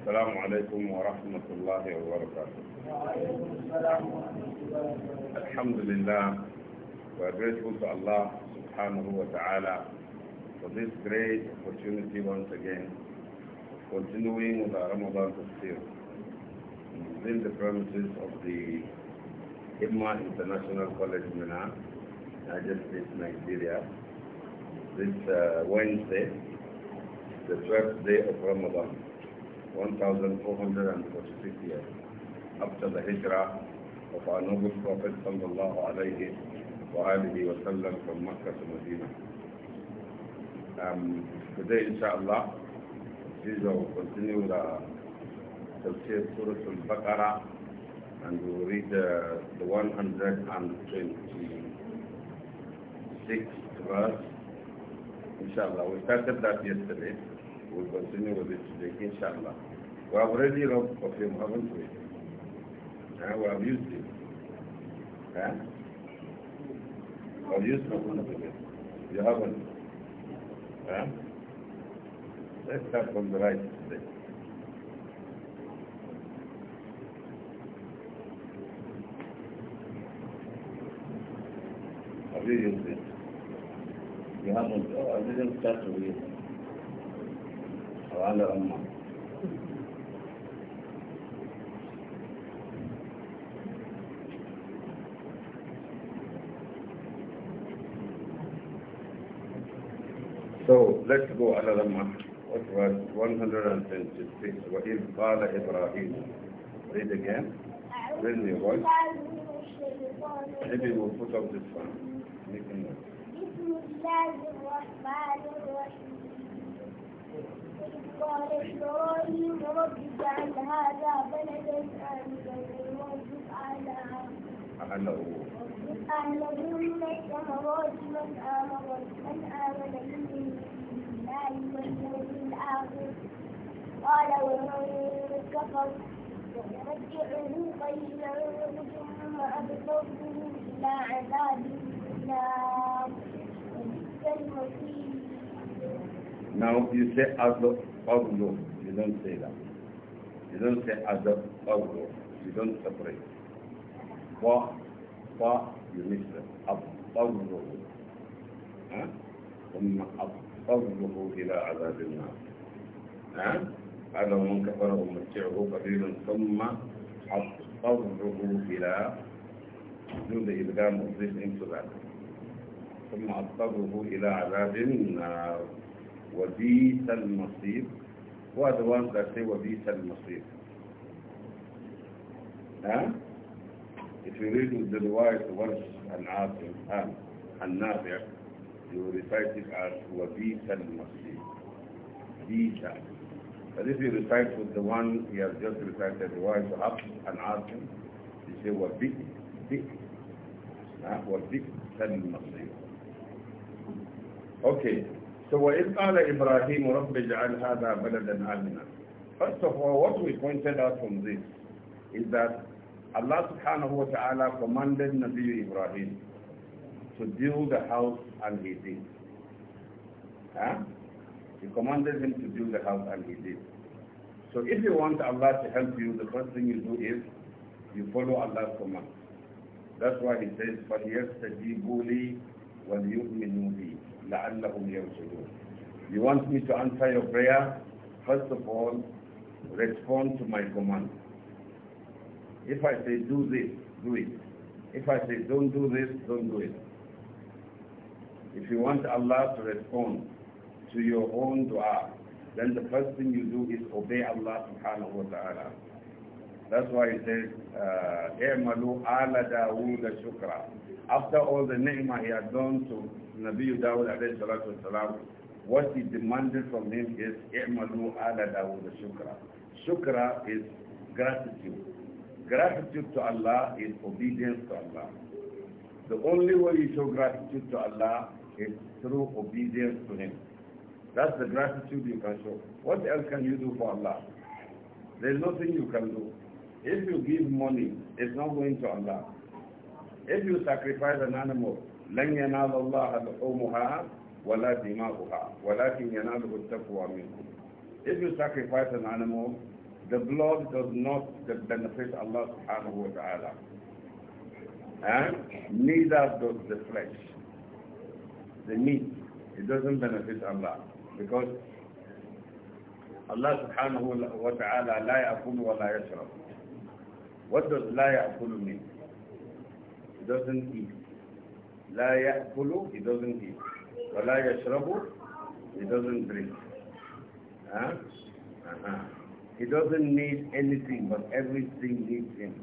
السلام عليكم ورحمة الله وبركاته الحمد لله we are grateful to Allah subhanahu wa ta'ala for this great opportunity once again continuing with our Ramadan tafsir within the premises of the Himma International College Mina, United States, Nigeria, this uh, Wednesday, the 12th day of Ramadan. 1446 years after the hijrah of our noble Prophet sallallahu alayhi wa alihi wa sallam from Makkah to Medina. Um, today, inshaAllah, we will continue the Tafsir Surah Al-Baqarah and we will read the, the 126th verse. Inshallah, we started that yesterday. We'll continue with it today, inshallah. We have already read of him, haven't we? Uh, we have used him. Huh? We have used him. You haven't. Huh? Let's start from the right today. Have you used it? You haven't. Oh, I didn't start with it. So let's go another month. What was 126? وَإِذْ قَالَ إِبْرَاهِيمُ Read again. Raise your voice. Maybe we'll put up this one. Make a note. بسم الله الرحمن الرحيم قال إبراهيم رب اجعل هذا بلدا آمنا وارزق أهله وارزق أهله من الثمرات من آمن من آمن بالله واليوم الآخر قال ومن كفر ونمتعه قليلا ثم أبصره إلى عذاب النار وبئس المصير Now you say Azab Oglo, you don't say that. You don't say Azab Oglo, you don't separate. Ba, Ba, you mix them. Abdoglo. Huh? ثم أضطره إلى عذاب النار ها هذا من كفر أمتعه قليلا ثم أضطره إلى do the ilgam of into that ثم أضطره إلى عذاب النار وَبِيْسَ الْمَصِيرِ Who are the ones that say وَبِيْسَ الْمَصِيرِ? Huh? If you read with the riwayat once an asim, um, an you recite it as وَبِيْسَ الْمَصِيرِ Bisa. But if you recite with the one he has just recited, the wife up and ask him, you say, وَبِئْ بِئْ the سَلْمَصِيرِ Okay. So وَإِذْ قَالَ إِبْرَاهِيمُ رَبِّ جَعَلْ هَذَا بَلَدًا آمِنًا First of all, what we pointed out from this is that Allah subhanahu wa ta'ala commanded Nabi Ibrahim to build a house and he did. Huh? He commanded him to build a house and he did. So if you want Allah to help you, the first thing you do is you follow Allah's command. That's why he says, فَلْيَسْتَجِيبُوا لِي وَلْيُؤْمِنُوا بِي لَعَلَّهُمْ يَرْشُدُونَ You want me to answer your prayer? First of all, respond to my command. If I say do this, do it. If I say don't do this, don't do it. If you want Allah to respond to your own dua, then the first thing you do is obey Allah subhanahu wa ta'ala. That's why he says, "Emalu uh, ala Dawood shukra." After all the ni'mah he had done to Nabi Dawood alayhi salatu what he demanded from him is "Emalu ala Dawood shukra." Shukra is gratitude. Gratitude to Allah is obedience to Allah. The only way you show gratitude to Allah is through obedience to Him. That's the gratitude you can show. What else can you do for Allah? There's nothing you can do. If you give money, it's not going to Allah. If you sacrifice an animal, لن ينال الله لحومها ولا دماؤها ولكن يناله التقوى منكم. If you sacrifice an animal, the blood does not benefit Allah subhanahu wa ta'ala. And neither does the flesh, the meat. It doesn't benefit Allah because Allah subhanahu wa ta'ala لا يأكل ولا يشرب. What does la ya'kulu mean? It doesn't eat. La ya'kulu, it doesn't eat. Wa la yashrabu, it doesn't drink. Huh? Uh-huh. He doesn't need anything, but everything needs him.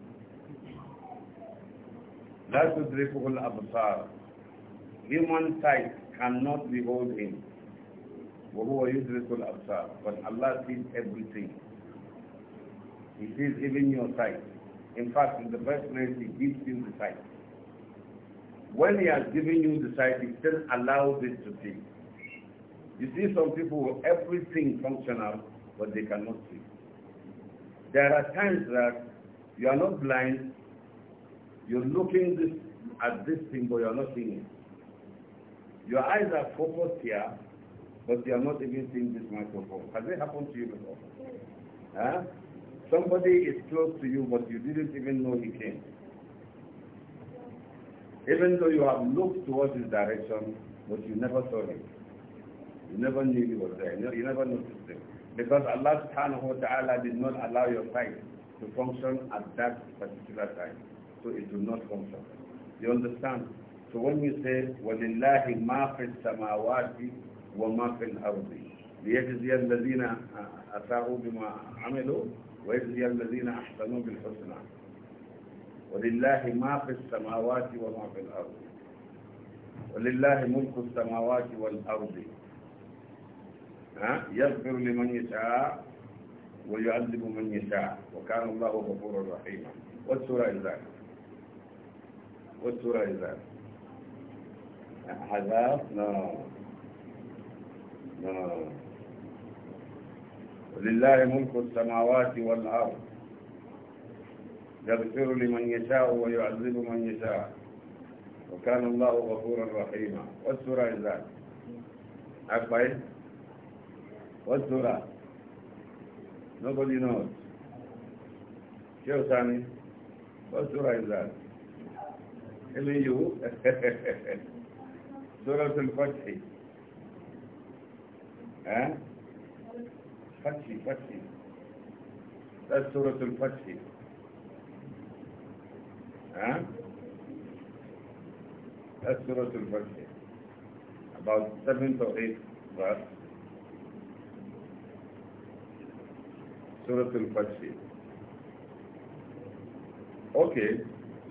لا تدركه الأبصار Human sight cannot behold him. وهو يدرك الأبصار But Allah sees everything. He sees even your sight. In fact, in the first place, he gives you the sight. When he has given you the sight, he still allows it to be. You see some people, everything functional, but they cannot see. There are times that you are not blind, you're looking this, at this thing, but you're not seeing it. Your eyes are focused here, but they are not even seeing this microphone. Has it happened to you before? Huh? Somebody is close to you, but you didn't even know he came. Even though you have looked towards his direction, but you never saw him. You never knew he was there. You never noticed him. Because Allah subhanahu wa ta'ala did not allow your sight to function at that particular time. So it will not function. You understand? So when you say, وَلِلَّهِ مَا فِي السَّمَاوَاتِ وَمَا فِي الْأَرْضِ لِيَجْزِيَ الَّذِينَ أَسَاءُوا بِمَا عَمِلُوا ويجزي الذين أحسنوا بالحسنى ولله ما في السماوات وما في الأرض ولله ملك السماوات والأرض ها يغفر لمن يشاء ويعذب من يشاء وكان الله غفورا رحيما والسورة إذا والسورة إذا هذا نعم نعم ولله ملك السماوات والأرض يغفر لمن يشاء ويعذب من يشاء وكان الله غفورا رحيما والسورة إيه ذات أكبر والسورة nobody knows شو ثاني والسورة إيه ذات اللي يو سورة الفتح ها أه؟ Fathi, Fathi. That's Surah Al-Fathi. Huh? That's Surah Al-Fathi. About seventh or eighth verse. Surah Al-Fathi. Okay.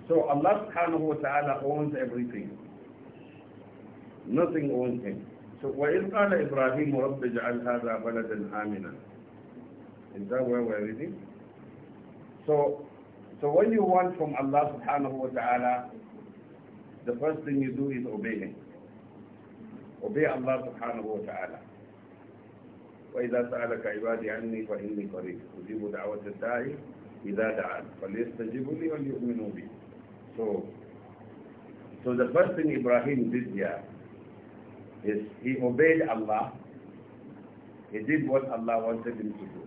So Allah subhanahu wa ta'ala owns everything. Nothing owns him. وإذ قال إبراهيم رب اجعل هذا بلدا آمنا Is that where we're reading? So, so when you want from Allah subhanahu wa ta'ala, the first thing you do is obey Him. Obey Allah subhanahu wa ta'ala. وإذا سألك عبادي عني فإني قريب أجيب دعوة الداعي إذا دعا فليستجيبوا لي وليؤمنوا بي. So, so the first thing Ibrahim did here he obeyed Allah. He did what Allah wanted him to do.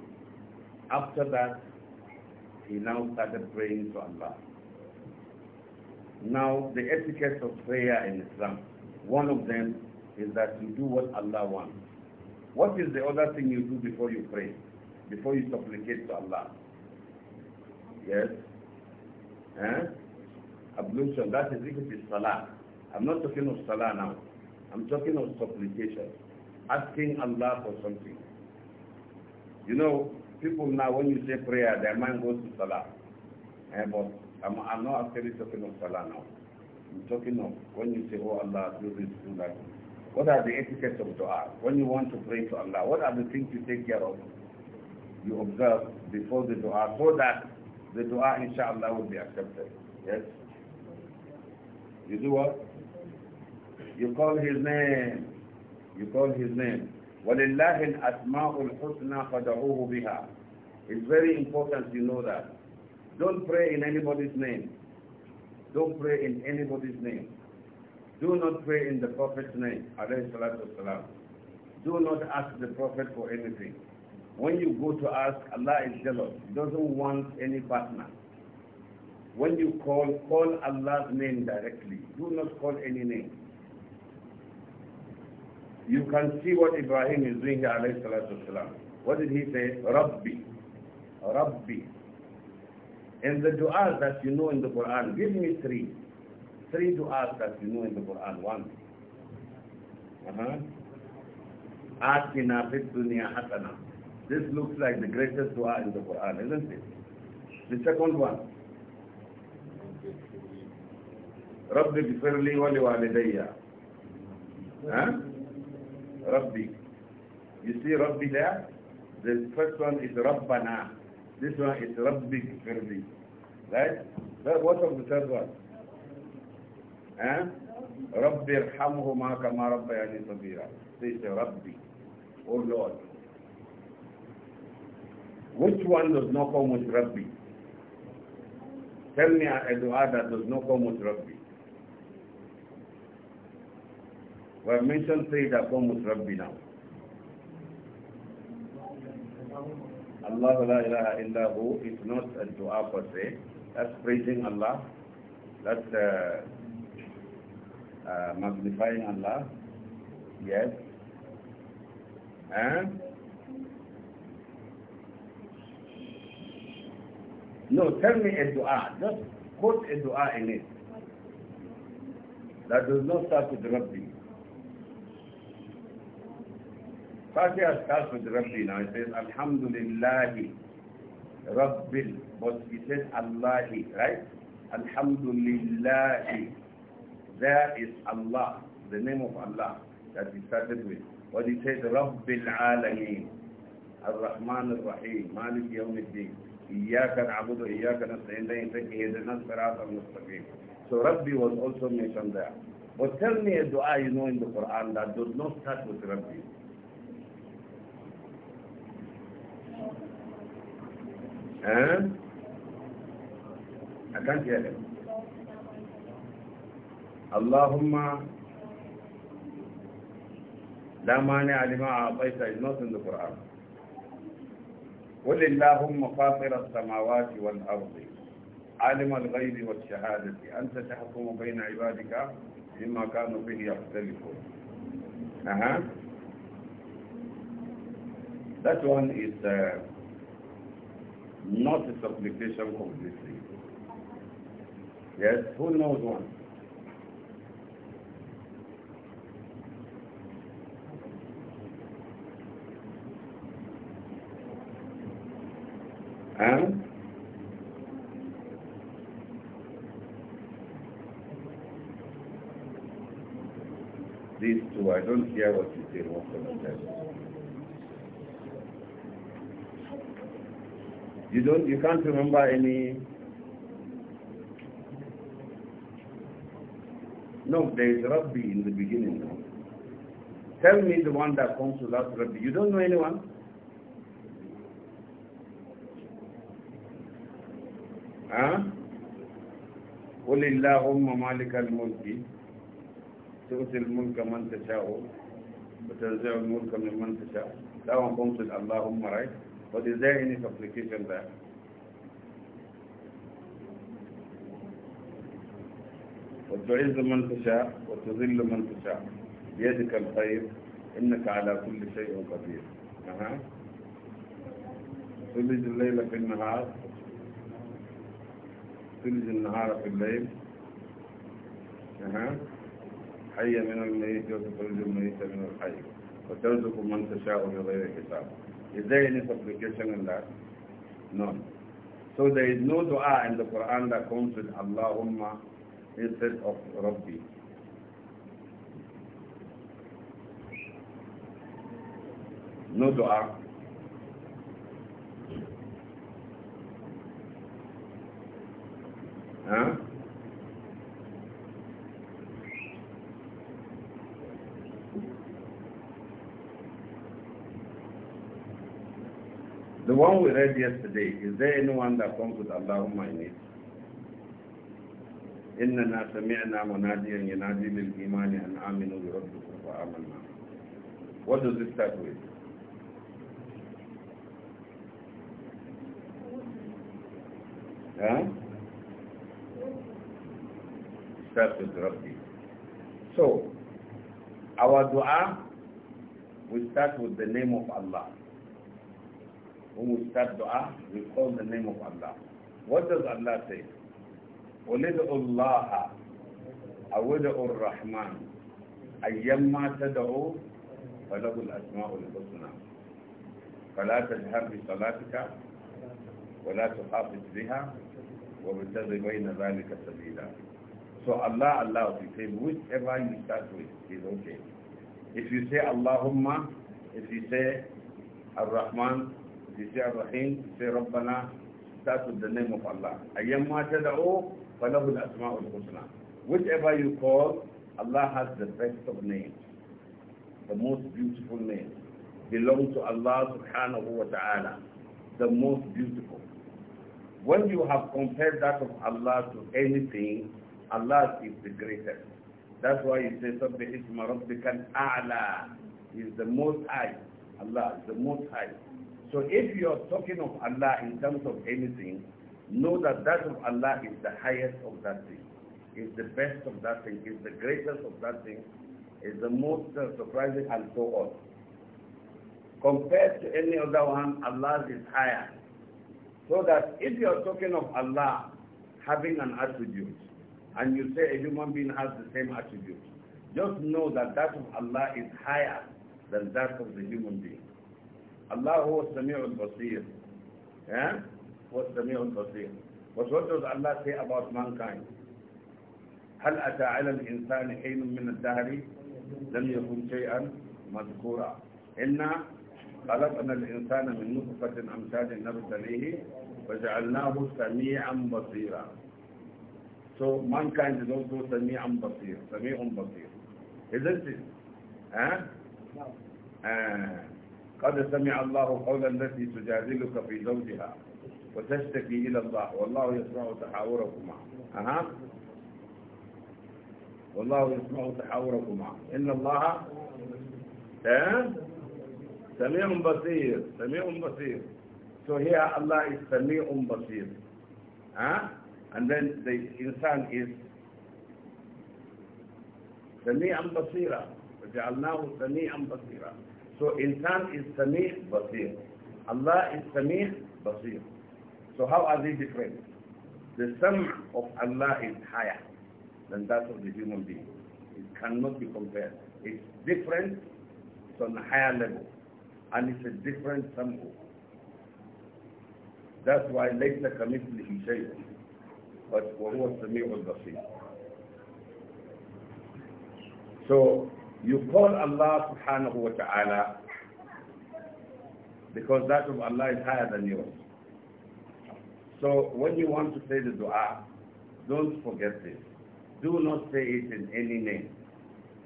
After that, he now started praying to Allah. Now, the etiquette of prayer in Islam, one of them is that you do what Allah wants. What is the other thing you do before you pray? Before you supplicate to Allah? Yes? Eh? Ablution, that is it is salah. I'm not talking of salah now. I'm talking of supplication, asking Allah for something. You know, people now, when you say prayer, their mind goes to Salah. Eh, but I'm, I'm not actually talking of Salah now. I'm talking of when you say, oh Allah, do this, do that. What are the etiquettes of dua? When you want to pray to Allah, what are the things you take care of? You observe before the dua so that the dua, inshallah, will be accepted. Yes? You do what? You call his name. You call his name. وَلِلَّهِ الْأَسْمَاءُ الْحُسْنَى فَدَعُوهُ بِهَا It's very important you know that. Don't pray in anybody's name. Don't pray in anybody's name. Do not pray in the Prophet's name, Do not ask the Prophet for anything. When you go to ask, Allah is jealous. He doesn't want any partner. When you call, call Allah's name directly. Do not call any name you can see what Ibrahim is doing here, alayhi salatu wasalam. What did he say? Rabbi. Rabbi. And the dua that you know in the Quran, give me three. Three du'as that you know in the Quran. One. Uh-huh. Atina fit dunya hasana. This looks like the greatest dua in the Quran, isn't it? The second one. Rabbi gfirli wa liwalidayya. Huh? Rabbi. You see Rabbi there? The first one is Rabbana. This one is Rabbi Firbi. Right? That, what of the third one? Huh? Rabbi Irhamhuma kama Rabbayani Sabira. This is Rabbi. Oh Lord. Which one does not come with Rabbi? Tell me a dua that does not come with Rabbi. Well, mention Sayyida Qawmus Rabbi now. Allah la ilaha illa hu is not a dua per se. That's praising Allah. That's uh, uh, magnifying Allah. Yes. And no, tell me a dua. Just quote a dua in it. That does not start with Rabbi. Fatiha starts with Rabbina. It says, Alhamdulillahi, Rabbil. But he says Allahi, right? Alhamdulillahi. There is Allah, the name of Allah that he started with. But he says Rabbil Alameen. Rahman, الرحمن الرحيم مالك يوم الدين إياك نعبد وإياك نستعين لين فكه إذن الصراط المستقيم So Rabbi was also mentioned there. But tell me a dua you know in the Quran that does not start with Rabbi. Huh? I can't hear them. Allahumma. That money alima abaita is not in the Quran. Wallahumma fatira samawati wal ardi. عالم الغيب والشهادة أنت تحكم بين عبادك فيما كانوا به يختلفون أها uh -huh. That one is uh, not the supplication completely. Yes, who knows one? And these two, I don't care what you say You don't, you can't remember any. No, there is Rabbi in the beginning. No? Tell me the one that comes to last Rabbi. You don't know anyone? Huh? قل اللهم مالك الملك تؤتي الملك من تشاء وتنزع الملك من من تشاء. That one comes with Allahumma, right? But is there any there? وتعز من تشاء وتذل من تشاء بيدك الخير إنك على كل شيء قدير أها تلج الليل في النهار تلج النهار في الليل أها حي من الميت وتخرج الميت من الحي وترزق من تشاء بغير حساب Is there any supplication in that? None. So there is no dua in the Quran that comes with Allahumma instead of Rabbi. No dua. Huh? The one we read yesterday, is there anyone that comes with Allahumma in it? إننا سمعنا مناديا ينادي للإيمان أن آمنوا بربكم فآمنا. What does it start with? Huh? Start with Rabbi. So, our dua, we start with the name of Allah when we start dua, we call the name of Allah. What does Allah say? وَلِدْعُ اللَّهَ أَوِدْعُ الرَّحْمَنِ أَيَّمَّا تَدْعُوا فَلَهُ الْأَسْمَاءُ الْحُسْنَى فَلَا تَجْهَرْ بِصَلَاتِكَ وَلَا تُخَافِتْ بِهَا وَبِتَغِ بَيْنَ ذَلِكَ سَبِيلًا So Allah, Allah, you say whichever you start with is okay. If you say Allahumma, if you say Ar-Rahman, Jisiyar Rahim, say Rabbana, start with the name of Allah. Ayyamma tada'u, falahul Whichever you call, Allah has the best of names, the most beautiful name. Belong to Allah subhanahu wa ta'ala, the most beautiful. When you have compared that of Allah to anything, Allah is the greatest. That's why he says, Sabbi isma rabbika al-a'la. He is the most high. Allah is the most high. So if you are talking of Allah in terms of anything, know that that of Allah is the highest of that thing, is the best of that thing, is the greatest of that thing, is the most surprising and so on. Compared to any other one, Allah is higher. So that if you are talking of Allah having an attribute, and you say a human being has the same attribute, just know that that of Allah is higher than that of the human being. الله هو السميع البصير yeah? هو السميع البصير But what does Allah say about mankind? هل أتى على الإنسان حين من الدهر لم يكن شيئا مذكورا إنا خلقنا الإنسان من نطفة أمثال نبتليه وجعلناه سميعا بصيرا So mankind is also سميعا بصير سميع بصير Isn't it? Huh? No. Uh, قد سمع الله قولا التي تجادلك في زوجها وتشتكي إلى الله والله يسمع تحاوركما أها والله يسمع تحاوركما إن الله سميع بصير سميع بصير so here Allah is سميع بصير huh? and then the insan is سميعا بصيرا وجعلناه سميعا بصيرا So insan is Samih Basir. Allah is Samih Basir. So how are they different? The sum of Allah is higher than that of the human being. It cannot be compared. It's different, it's on a higher level. And it's a different sum. That's why ليس he said, but وهو السميع البصير. So you call Allah subhanahu wa ta'ala because that of Allah is higher than yours. So when you want to say the dua, don't forget this. Do not say it in any name.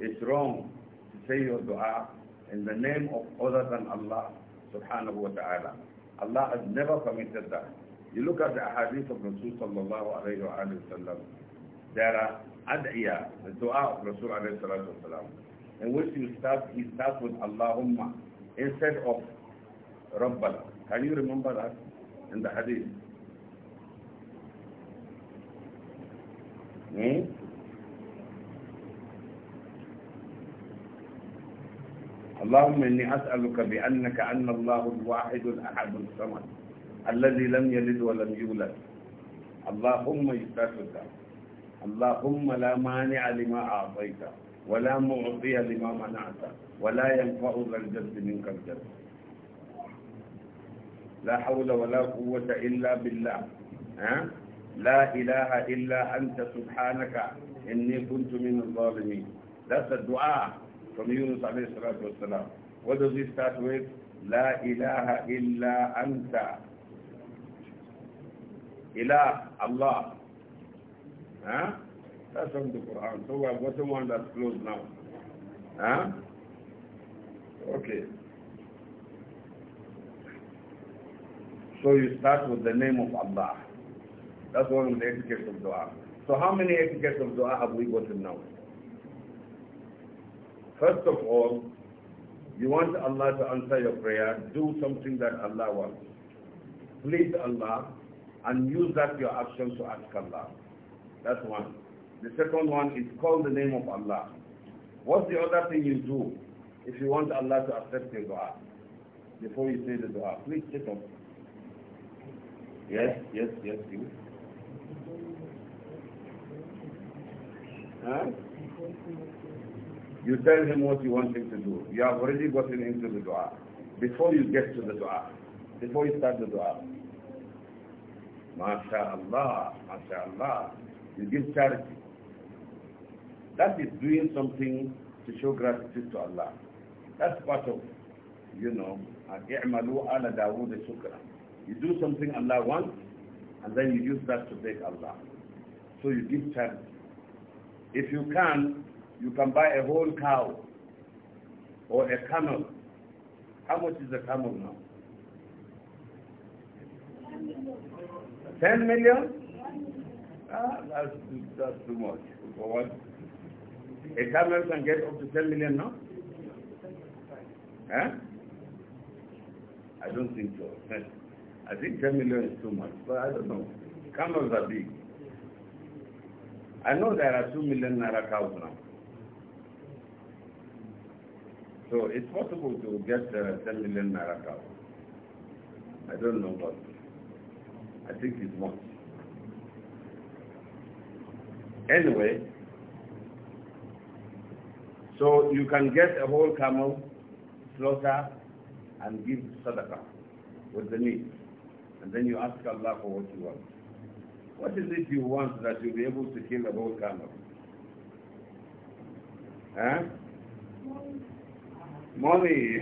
It's wrong to say your dua in the name of other than Allah subhanahu wa ta'ala. Allah has never permitted that. You look at the hadith of Rasul sallallahu alayhi wa sallam, there are ad'iya, the dua of Rasul alayhi salatu wa sallam. in which you start, you start with Allahumma instead of Rabbala. Can you remember that in the hadith? Hmm? اللهم إني أسألك بأنك أن الله الواحد الأحد الصمد الذي لم يلد ولم يولد اللهم يستشهد اللهم لا مانع لما أعطيته ولا معطي لما منعت ولا ينفع ذا الجد منك الجد لا حول ولا قوة إلا بالله ها؟ لا إله إلا أنت سبحانك إني كنت من الظالمين That's a dua from Yunus عليه الصلاة والسلام What does he start with? لا إله إلا أنت إله الله ها؟ That's from the Quran. So we have got one that's closed now. Huh? Okay. So you start with the name of Allah. That's one of the etiquettes of dua. So how many etiquettes of dua have we gotten now? First of all, you want Allah to answer your prayer, do something that Allah wants. Please Allah and use that your action to ask Allah. That's one. The second one is call the name of Allah. What's the other thing you do if you want Allah to accept your dua? Before you say the dua, please sit up. Yes, yes, yes, you. Huh? You tell him what you want him to do. You have already gotten into the dua. Before you get to the dua, before you start the dua. MashaAllah, MashaAllah. You give charity. That is doing something to show gratitude to Allah. That's part of, you know, You do something Allah wants, and then you use that to beg Allah. So you give charity. If you can, you can buy a whole cow or a camel. How much is a camel now? 10 million? Ah, that's, that's too much. For one a camel can get up to 10 million now? Huh? I don't think so. I think 10 million is too much, but I don't know. Camels are big. I know there are 2 million Naira cows now. So it's possible to get uh, 10 million Naira cows. I don't know what. I think it's much. Anyway, so you can get a whole camel, slaughter, and give sadaqah with the meat. And then you ask Allah for what you want. What is it you want that you'll be able to kill a whole camel? Huh? Money.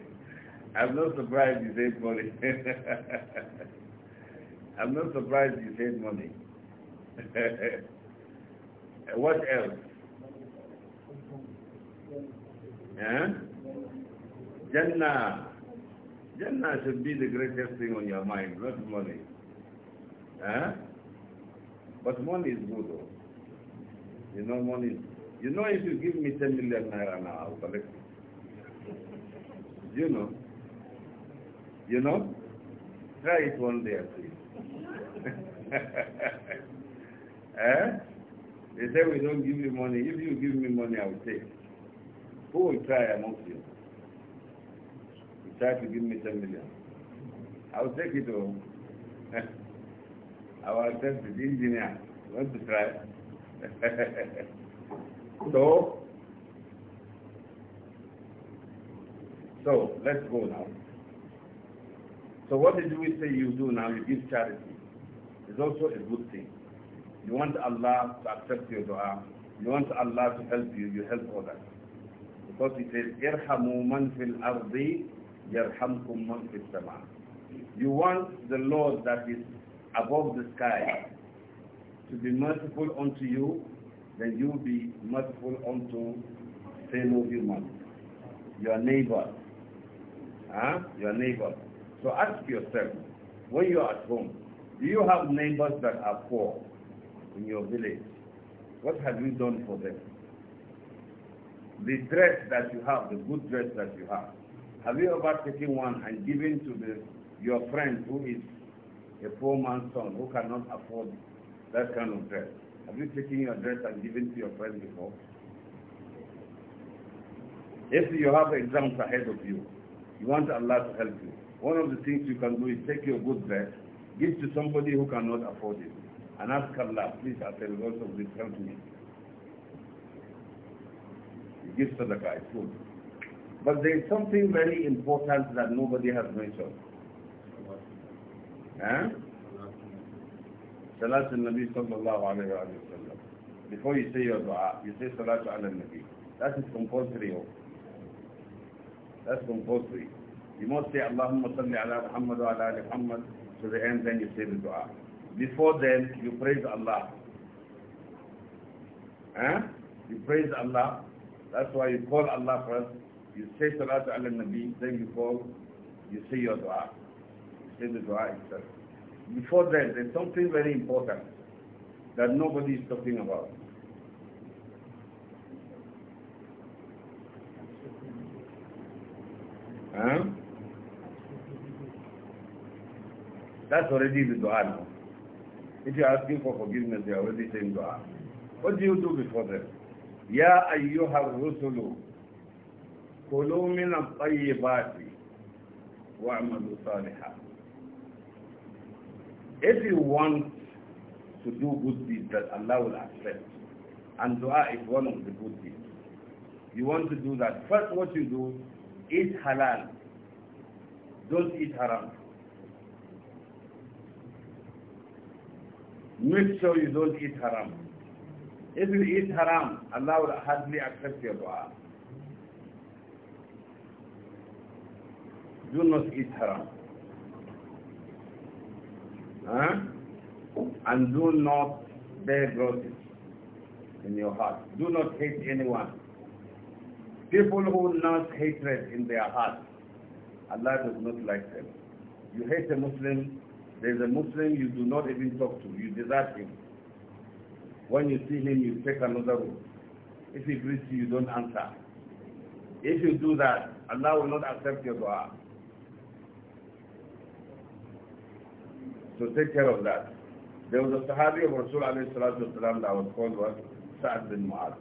I'm not surprised you said money. I'm not surprised you said money. what else? Yeah? Jannah. Jannah should be the greatest thing on your mind, not money. Eh? But money is good though. You know money you know if you give me 10 million naira now, I'll collect it. You know. You know? Try it one day, please. Eh? They say we don't give you money. If you give me money, I will take. Who will try amongst you? You try to give me 10 million. I will take it all. I will Engineer, you want to try? so, so let's go now. So what did we say you do now? You give charity. It's also a good thing. You want Allah to accept your dua. You want Allah to help you, you help others. Because it says, Irhamu man fil ardi, yarhamkum man fil sama. You want the Lord that is above the sky to be merciful unto you, then you be merciful unto fellow human, your neighbor. Huh? Your neighbor. So ask yourself, when you are at home, do you have neighbors that are poor? in your village, what have you done for them? The dress that you have, the good dress that you have, have you ever taken one and given to the, your friend who is a poor man's son who cannot afford that kind of dress? Have you taken your dress and given to your friend before? If you have exams ahead of you, you want Allah to help you. One of the things you can do is take your good dress, give to somebody who cannot afford it and ask Allah, please, as a result of this, help me. to the guy. good. But there is something very important that nobody has mentioned. Huh? Salat al-Nabi sallallahu alayhi wa sallam. Before you say your dua, you say Salat al-Nabi. That is compulsory. Oh. That's compulsory. You must say Allahumma salli ala Muhammad wa ala ali Muhammad to the end, then you say the dua. Before then, you praise Allah. Huh? You praise Allah. That's why you call Allah first. You say Salat Al Nabi, then you call, you say your dua. You say the dua itself. Before that, there's something very important that nobody is talking about. Huh? That's already the dua now. If you're asking for forgiveness, you're already saying dua. What do you do before that? Ya ayyuha rusulu kulu min at-tayyibati wa'malu If you want to do good deeds that Allah will accept, and dua is one of the good deeds, you want to do that. First, what you do, eat halal. Don't eat haram. make sure you don't eat haram. If you eat haram, Allah will hardly accept your dua. Do not eat haram. Huh? And do not bear grudges in your heart. Do not hate anyone. People who nurse hatred in their heart, Allah does not like them. You hate a Muslim, there's a Muslim you do not even talk to. You desert him. When you see him, you take another route. If he greets you, you don't answer. If you do that, Allah will not accept your dua. So take care of that. There was a Sahabi of Rasul والسلام, that was called was Sa'ad bin Mu'ad.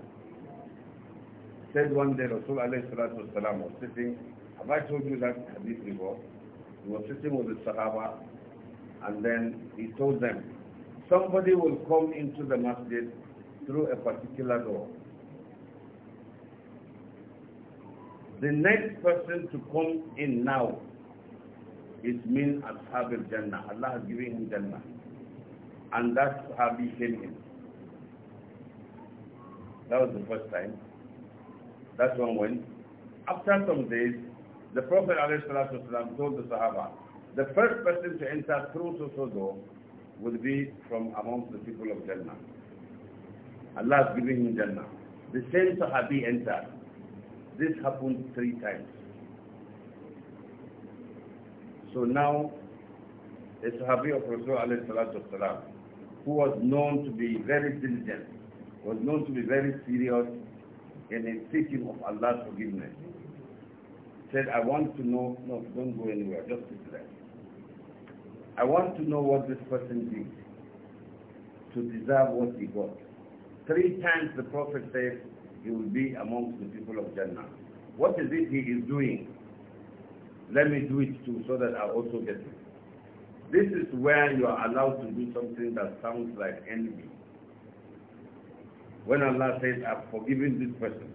Said one day Rasul والسلام, was sitting, have I told you that hadith before? He was sitting with the Sahaba and then he told them, somebody will come into the masjid through a particular door. The next person to come in now is min ashab al-jannah. Allah has given him jannah. And that's sahabi came in. That was the first time. That's one when, After some days, the Prophet ﷺ told the Sahaba, the first person to enter through Sosodo would be from amongst the people of Jannah. Allah is giving him Jannah. The same Sahabi entered. This happened three times. So now, a Sahabi of Rasulullah who was known to be very diligent, was known to be very serious in his seeking of Allah's forgiveness, said, I want to know, no, don't go anywhere, just sit there. I want to know what this person did to deserve what he got. Three times the Prophet says he will be amongst the people of Jannah. What is it he is doing? Let me do it too so that I also get it. This is where you are allowed to do something that sounds like envy. When Allah says, I've forgiven this person,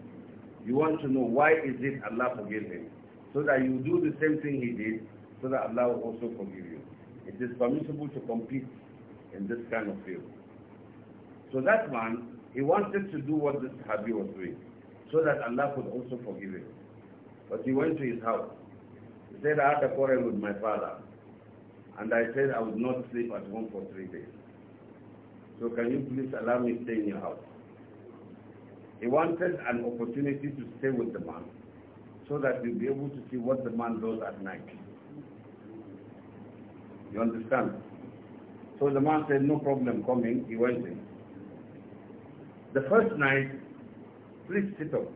you want to know why is it Allah forgave him? So that you do the same thing he did, so that Allah will also forgive you. It is permissible to compete in this kind of field. So that man, he wanted to do what this Sahabi was doing, so that Allah could also forgive him. But he went to his house. He said, I had a quarrel with my father, and I said I would not sleep at home for three days. So can you please allow me to stay in your house? He wanted an opportunity to stay with the man, so that he'd be able to see what the man does at night. You understand? So the man said, no problem coming. He went in. The first night, please sit up.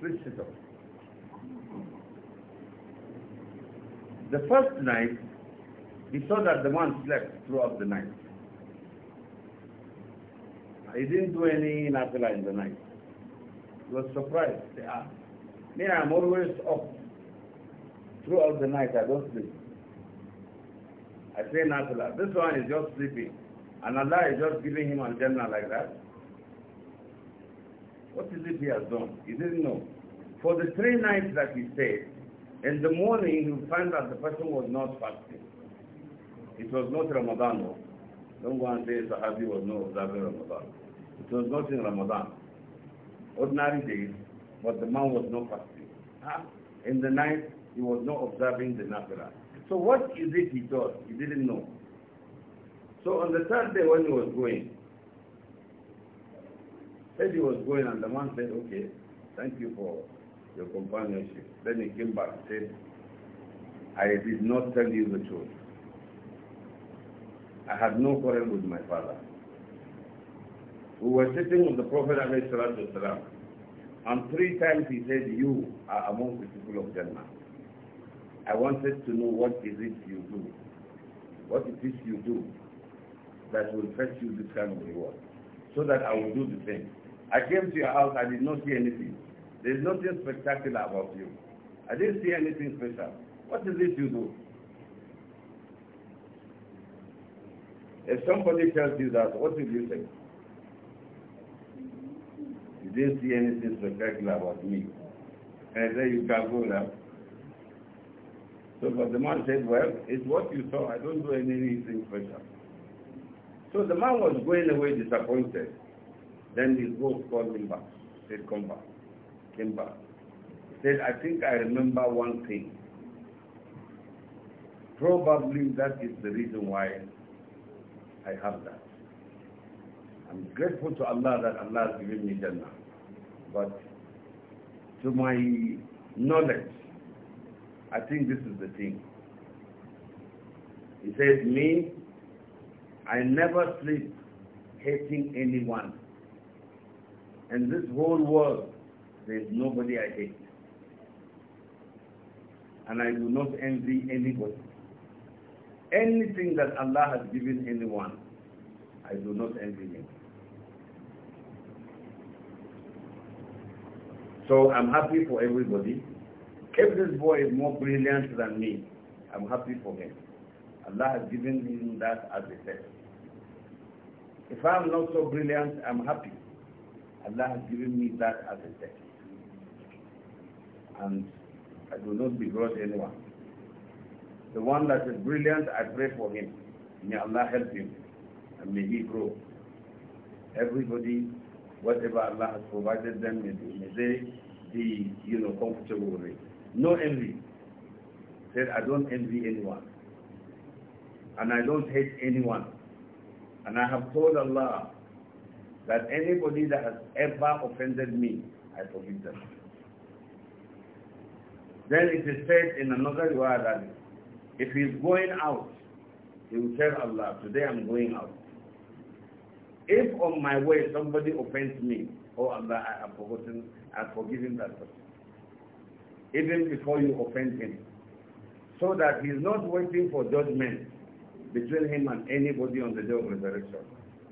Please sit up. The first night, he saw that the man slept throughout the night. He didn't do any nafila in the night. He was surprised. He ah, me, I'm always up. Throughout the night, I don't sleep. I say Nafila. This one is just sleeping. And Allah is just giving him an Jannah like that. What is it he has done? He didn't know. For the three nights that he stayed, in the morning he find that the person was not fasting. It was not Ramadan. No. Don't go and say Sahabi was no observing Ramadan. It was not in Ramadan. Ordinary days, but the man was not fasting. Ah, in the night, he was not observing the Nafila. So what is it he thought? He didn't know. So on the third day when he was going, said he was going and the man said, okay, thank you for your companionship. Then he came back and said, I did not tell you the truth. I had no quarrel with my father. We were sitting with the Prophet and three times he said, you are among the people of Jannah. I wanted to know what is it you do, what it is you do that will fetch you this kind of reward, so that I will do the same. I came to your house, I did not see anything. There is nothing spectacular about you. I didn't see anything special. What is it you do? If somebody tells you that, what will you say? You didn't see anything spectacular about me. And then you can go now. So, but the man said, well, it's what you saw. I don't do anything special. So the man was going away disappointed. Then his ghost called him back. Said, come back. Came back. Said, I think I remember one thing. Probably that is the reason why I have that. I'm grateful to Allah that Allah has given me Jannah. But to my knowledge, I think this is the thing. He says, me, I never sleep hating anyone. In this whole world, there is nobody I hate. And I do not envy anybody. Anything that Allah has given anyone, I do not envy him. So I'm happy for everybody. If this boy is more brilliant than me, I'm happy for him. Allah has given him that as a test. If I'm not so brilliant, I'm happy. Allah has given me that as a test. And I do not begrudge anyone. The one that is brilliant, I pray for him. May Allah help him and may he grow. Everybody, whatever Allah has provided them, may they be, you know, comfortable with it. No envy. said, I don't envy anyone. And I don't hate anyone. And I have told Allah that anybody that has ever offended me, I forgive them. Then it is said in another word that if he is going out, he will tell Allah, today I'm going out. If on my way somebody offends me, oh Allah, I have forgotten, I have forgiven that person even before you offend him. So that he is not waiting for judgment between him and anybody on the day of resurrection.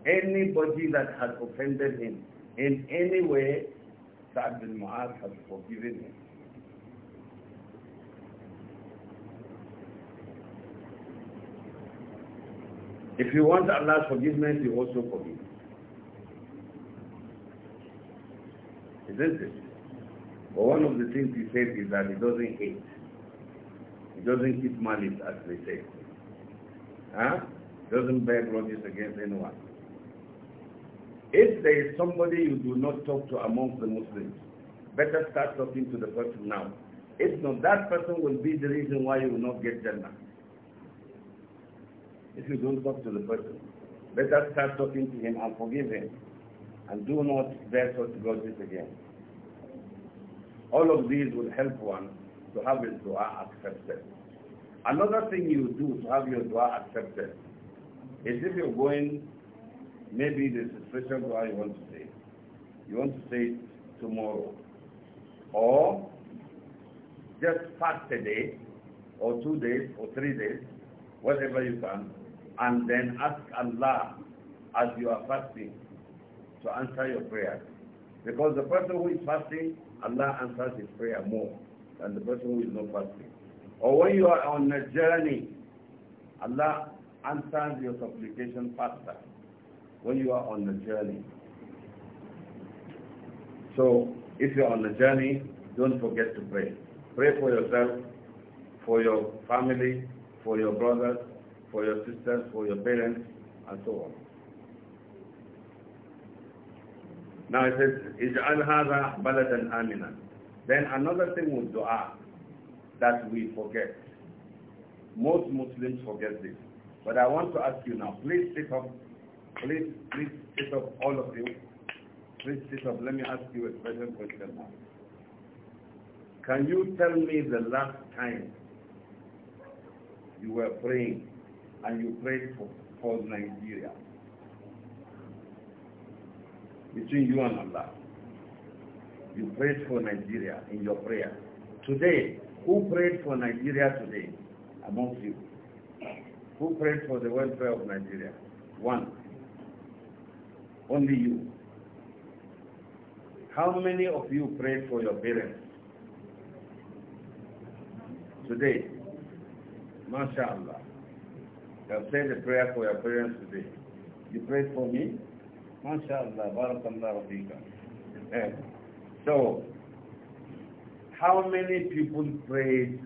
Anybody that has offended him in any way, Sa'ad bin Mu'adh has forgiven him. If you want Allah's forgiveness, you also forgive. Isn't it? But one of the things he said is that he doesn't hate. He doesn't keep malice, as they say. Huh? Doesn't bear grudges against anyone. If there is somebody you do not talk to amongst the Muslims, better start talking to the person now. If not, that person will be the reason why you will not get Jannah. If you don't talk to the person, better start talking to him and forgive him. And do not bear such grudges again. All of these will help one to have his dua accepted. Another thing you do to have your dua accepted is if you're going, maybe there's a special dua you want to say. You want to say it tomorrow. Or just fast a day, or two days, or three days, whatever you can, and then ask Allah as you are fasting to answer your prayer. Because the person who is fasting Allah answers his prayer more than the person who is not fasting. Or when you are on a journey, Allah answers your supplication faster when you are on a journey. So if you're on a journey, don't forget to pray. Pray for yourself, for your family, for your brothers, for your sisters, for your parents, and so on. Now it says, Ij'al hadha baladan amina. Then another thing with dua that we forget. Most Muslims forget this. But I want to ask you now, please sit up. Please, please sit up, all of you. Please sit up. Let me ask you a special question now. Can you tell me the last time you were praying and you prayed for, for Nigeria? between you and Allah. You prayed for Nigeria in your prayer. Today, who prayed for Nigeria today amongst you? Who prayed for the welfare of Nigeria? One. Only you. How many of you prayed for your parents? Today, MashaAllah. you have said a prayer for your parents today. You prayed for me? MashaAllah, barakallahu feekum. Eh, so, how many people prayed?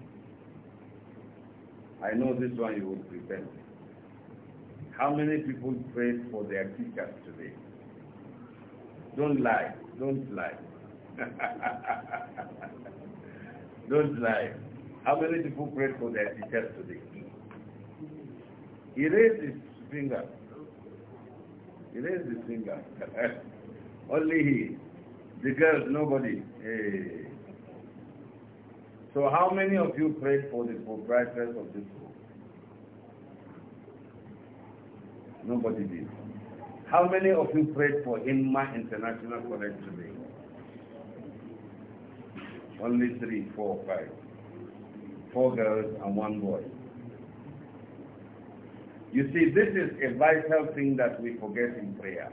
I know this one you will prepare. How many people prayed for their teachers today? Don't lie. Don't lie. don't lie. How many people prayed for their teachers today? He raised his finger. He is the singer. Only he. The girls, nobody. Hey. Eh. So how many of you prayed for the proprietress of this book? Nobody did. How many of you prayed for INMA International College today? Only three, four, five. Four girls and one boy. You see, this is a vital thing that we forget in prayer.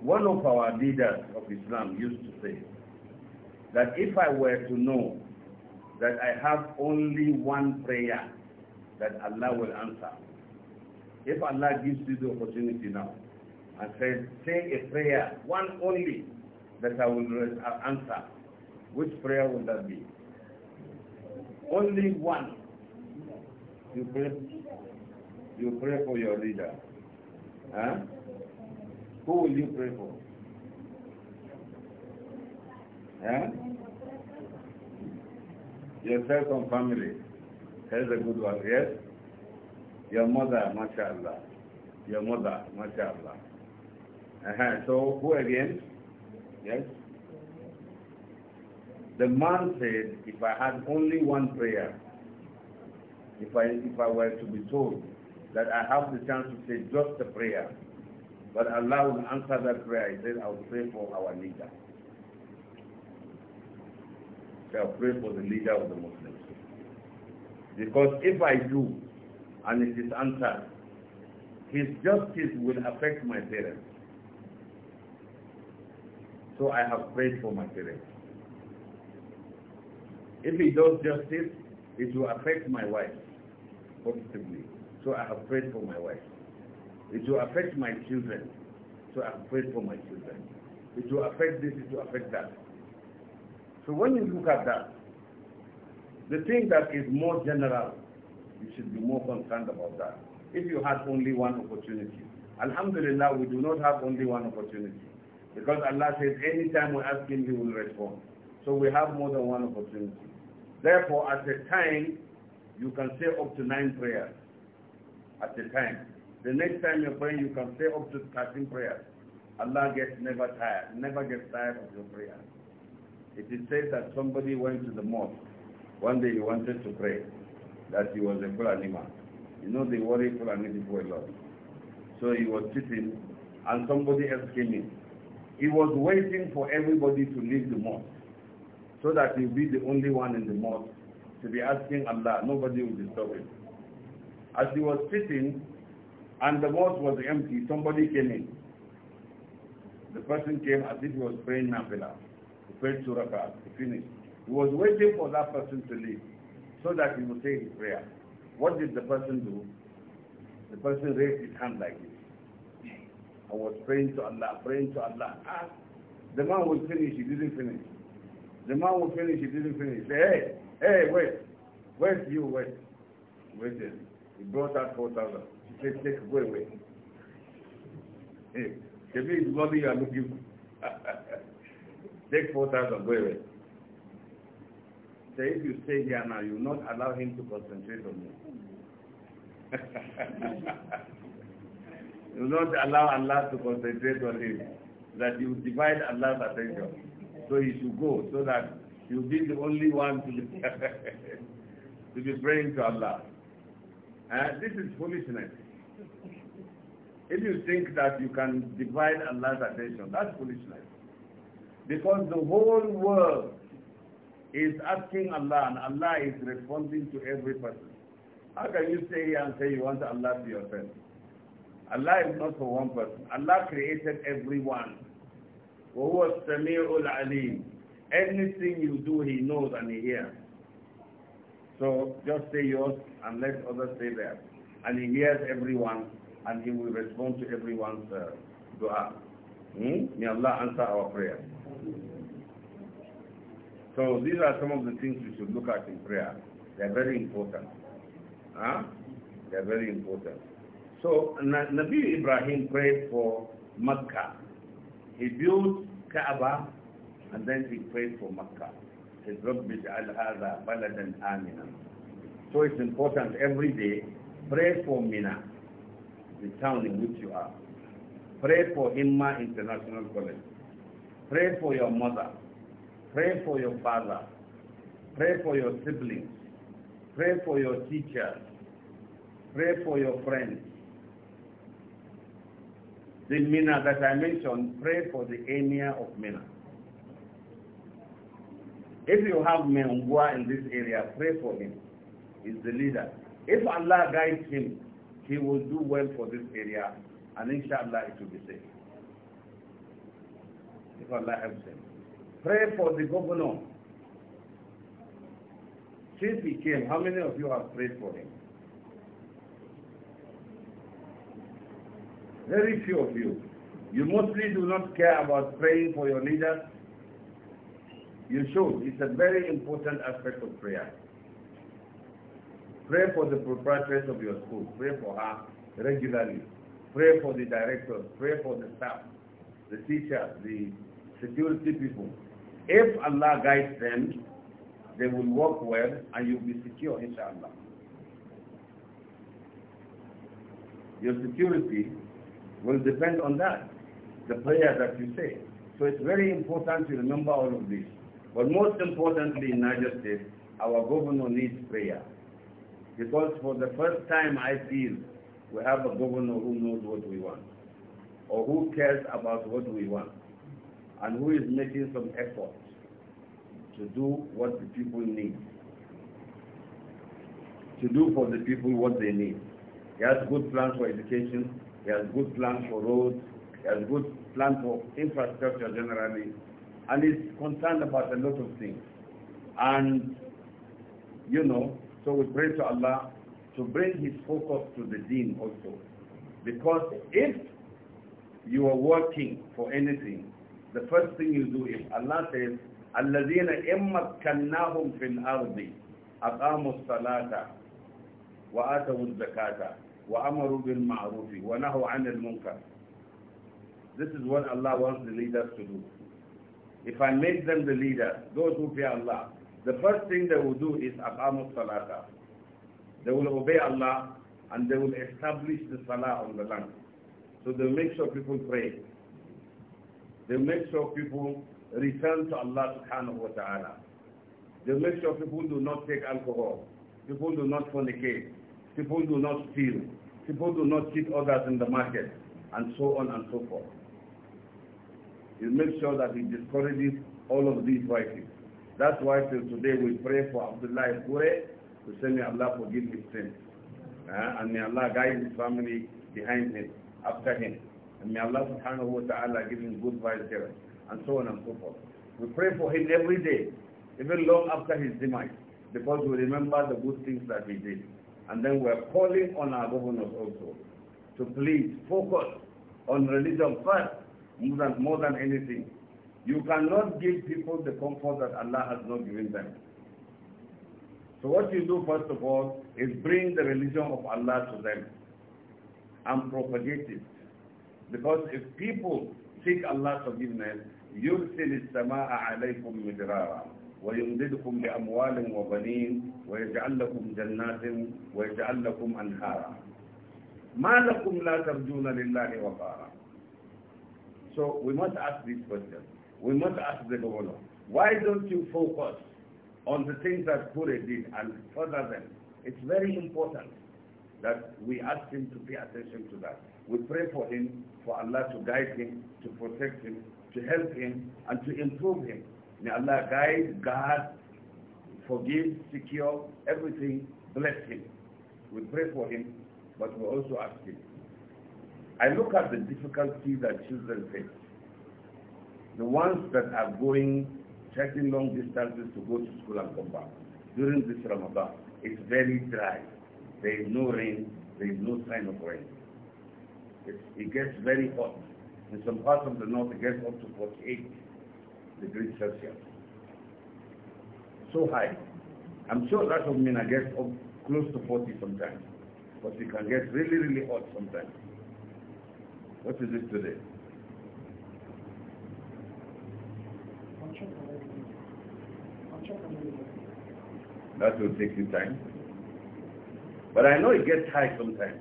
One of our leaders of Islam used to say that if I were to know that I have only one prayer that Allah will answer, if Allah gives you the opportunity now and says, say a prayer, one only, that I will answer, which prayer would that be? Only one you pray, you pray for your leader. Huh? Who will you pray for? Huh? Yourself and family. That's a good one, yes? Your mother, mashallah. Your mother, mashallah. Uh -huh. So, who again? Yes? The man said, if I had only one prayer, if I, if I were to be told that I have the chance to say just a prayer, but Allah will answer that prayer, he said, I will pray for our leader. I will pray for the leader of the Muslims. Because if I do, and it is answered, his justice will affect my parents. So I have prayed for my parents. If he does justice, it will affect my wife positively. So I have prayed for my wife. It will affect my children. So I have prayed for my children. It will affect this, it will affect that. So when you look at that, the thing that is more general, you should be more concerned about that. If you had only one opportunity, Alhamdulillah, we do not have only one opportunity. Because Allah says, anytime we ask Him, He will respond. So we have more than one opportunity. Therefore, at the time you can say up to nine prayers at a time. The next time you pray, you can say up to 13 prayers. Allah gets never tired, never gets tired of your prayer. It is said that somebody went to the mosque. One day he wanted to pray, that he was a animal. You know they worry Fulani people a lot. So he was sitting and somebody else came in. He was waiting for everybody to leave the mosque so that he'll be the only one in the mosque to be asking Allah. Nobody will disturb him. As he was sitting and the mosque was empty, somebody came in. The person came as if he was praying Nafila. He prayed two rakats. He finished. He was waiting for that person to leave so that he would say his prayer. What did the person do? The person raised his hand like this. I was praying to Allah, praying to Allah. Ah, the man will finish, he didn't finish. The man will finish, he didn't finish. Say, hey, Hey, wait. Where's you? Wait. Wait there. He brought out 4,000. He said, take away, wait. Hey, the me is money you are looking for. take 4,000, wait, wait. So if you stay here now, you will not allow him to concentrate on you. you will not allow Allah to concentrate on him. That you divide Allah's attention. So he should go so that You'll be the only one to be, to be praying to Allah. Uh, this is foolishness. If you think that you can divide Allah's attention, that's foolishness. Because the whole world is asking Allah and Allah is responding to every person. How can you stay here and say you want Allah to yourself? Allah is not for one person. Allah created everyone. وَهُوَ السَّمِيعُ الْعَلِيمُ Anything you do, he knows and he hears. So just say yours and let others say theirs. And he hears everyone and he will respond to everyone's uh, dua. Hmm? May Allah answer our prayer. So these are some of the things we should look at in prayer. They're very important. Huh? They're very important. So Nabi Ibrahim prayed for Makkah. He built Kaaba and then he prayed for Makkah. He said, رَبِّ اجْعَلْ So it's important every day, pray for Mina, the town in which you are. Pray for Himma International College. Pray for your mother. Pray for your father. Pray for your siblings. Pray for your teachers. Pray for your friends. The Mina that I mentioned, pray for the emir of Mina. If you have Mengwa in this area, pray for him. He's the leader. If Allah guides him, he will do well for this area and inshallah it will be safe. If Allah helps him. Pray for the governor. Since he came, how many of you have prayed for him? Very few of you. You mostly do not care about praying for your leaders you should. It's a very important aspect of prayer. Pray for the proprietress of your school. Pray for her regularly. Pray for the directors. Pray for the staff, the teachers, the security people. If Allah guides them, they will work well and you'll be secure, inshallah. Your security will depend on that, the prayer that you say. So it's very important to remember all of this. But most importantly in Niger State, our governor needs prayer. Because for the first time I feel we have a governor who knows what we want or who cares about what we want and who is making some effort to do what the people need, to do for the people what they need. He has good plans for education, he has good plans for roads, he has good plans for infrastructure generally, and is concerned about a lot of things. And, you know, so we pray to Allah to bring his focus to the deen also. Because if you are working for anything, the first thing you do is Allah says, الَّذِينَ إِمَّكَّنَّاهُمْ فِي الْأَرْضِ أَقَامُوا الصَّلَاةَ وَآتَوُوا الزَّكَاةَ وَأَمَرُوا بِالْمَعْرُوفِ وَنَهُوا عَنِ الْمُنْكَرِ This is what Allah wants the leaders to do if I make them the leader, those who fear Allah, the first thing they will do is aqamu salata. They will obey Allah and they will establish the salah on the land. So they'll make sure people pray. They'll make sure people return to Allah subhanahu wa ta'ala. They'll make sure people do not take alcohol. People do not fornicate. People do not steal. People do not cheat others in the market. And so on and so forth. You make sure that he discourages all of these writings. That's why till today we pray for Abdullah Kure to say may Allah forgive his sins. Uh, and may Allah guide his family behind him, after him. And may Allah subhanahu wa ta'ala give him good vicegerents. And so on and so forth. We pray for him every day, even long after his demise, because we remember the good things that he did. And then we're calling on our governors also to please focus on religion first more than, more than anything. You cannot give people the comfort that Allah has not given them. So what you do first of all is bring the religion of Allah to them and propagate it. Because if people seek Allah's forgiveness, يرسل السماء عليكم مدرارا ويمددكم بأموال وبنين ويجعل لكم جنات ويجعل لكم أنهارا ما لكم لا ترجون لله وقارا so we must ask this question. We must ask the governor, why don't you focus on the things that Kure did and further them? It's very important that we ask him to pay attention to that. We pray for him, for Allah to guide him, to protect him, to help him, and to improve him. May Allah guide, guard, forgive, secure, everything, bless him. We pray for him, but we also ask him I look at the difficulty that children face. The ones that are going, trekking long distances to go to school and come back during this Ramadan, it's very dry. There is no rain. There is no sign of rain. it gets very hot. In some parts of the north, it gets up to 48 degrees Celsius. So high. I'm sure that of Mina gets up close to 40 sometimes. But it can get really, really hot sometimes. What is it today? That will take you time. But I know it gets high sometimes.